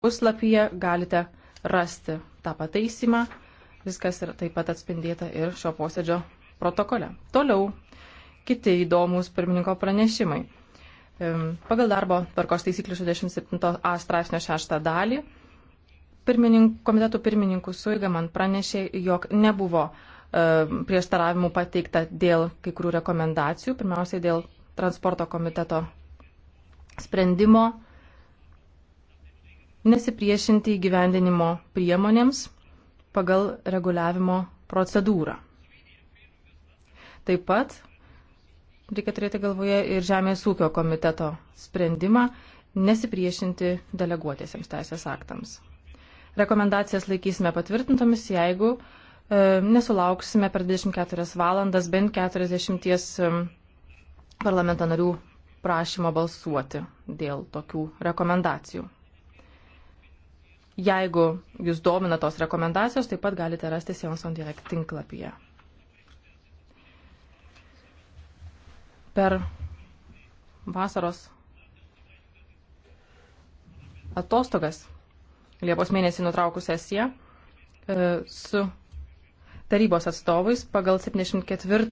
puslapyje galite rasti tą pataisymą. Viskas yra taip pat atspindėta ir šio posėdžio protokole. Toliau kiti įdomūs pirmininko pranešimai. Pagal darbo tvarkos taisyklių 67a straipsnio 6 dalį pirminink, komitetų pirmininkų suiga man pranešė, jog nebuvo e, prieštaravimų pateikta dėl kai kurių rekomendacijų, pirmiausiai dėl transporto komiteto sprendimo nesipriešinti įgyvendinimo priemonėms pagal reguliavimo procedūrą. Taip pat reikia turėti galvoje ir Žemės ūkio komiteto sprendimą nesipriešinti deleguotėsiams teisės aktams. Rekomendacijas laikysime patvirtintomis, jeigu e, nesulauksime per 24 valandas bent 40 e, parlamento narių prašymo balsuoti dėl tokių rekomendacijų. Jeigu jūs domina tos rekomendacijos, taip pat galite rasti Science on Direct tinklapyje. Per vasaros atostogas Liepos mėnesį nutraukus sesiją e, su tarybos atstovais pagal 74